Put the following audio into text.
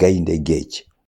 gaynde géej